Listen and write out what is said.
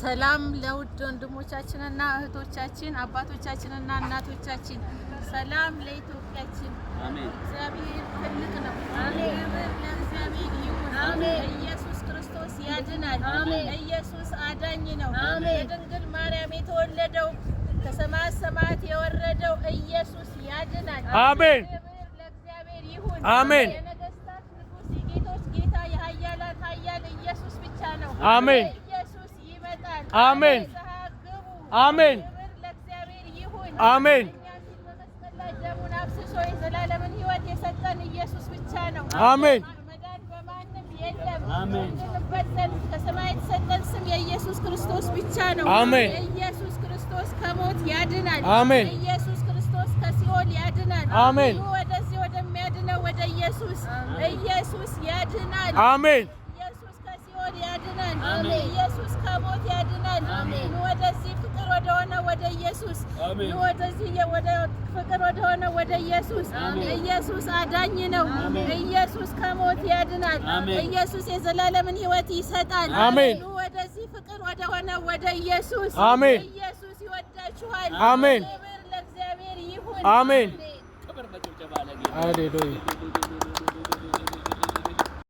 ሰላም ለውድ ወንድሞቻችንና እህቶቻችን አባቶቻችንና እናቶቻችን፣ ሰላም ለኢትዮጵያችን። እግዚአብሔር ትልቅ ነው። ክብር ለእግዚአብሔር ይሁን። ኢየሱስ ክርስቶስ ያድናል። ኢየሱስ አዳኝ ነው። የድንግል ማርያም የተወለደው ከሰማያት ሰማያት የወረደው ኢየሱስ ያድናል። አሜን። ክብር ለእግዚአብሔር ይሁን። አሜን። የነገስታት ንጉሥ፣ የጌቶች ጌታ፣ የኃያላት ኃያል ኢየሱስ ብቻ ነው። አሜን። አሜን አሜን አሜን። የዘላለምን ህይወት የሰጠን ኢየሱስ ብቻ ነው። አሜን። መዳን በማንም የለም። ከሰማይ የተሰጠን ስም የኢየሱስ ክርስቶስ ብቻ ነው። አሜን። ኢየሱስ ክርስቶስ ከሞት ያድናል። አሜን። ኢየሱስ ክርስቶስ ከሲኦል ያድናል። አሜን። ወደዚህ ወደሚያድነው ወደ ኢየሱስ ኢየሱስ ያድናል። አሜን። ኢየሱስ ከሞት ያድናል። ኑ ወደዚህ ፍቅር ወደሆነ ወደ ኢየሱስ፣ ኑ ወደዚህ ፍቅር ወደሆነ ወደ ኢየሱስ። ኢየሱስ አዳኝ ነው። ኢየሱስ ከሞት ያድናል። ኢየሱስ የዘላለምን ህይወት ይሰጣል። ኑ ወደዚህ ፍቅር ወደሆነ ወደ ኢየሱስ። ኢየሱስ ይወዳችኋል። አሜን። ክብር ለእግዚአብሔር ይሁን። አሜን።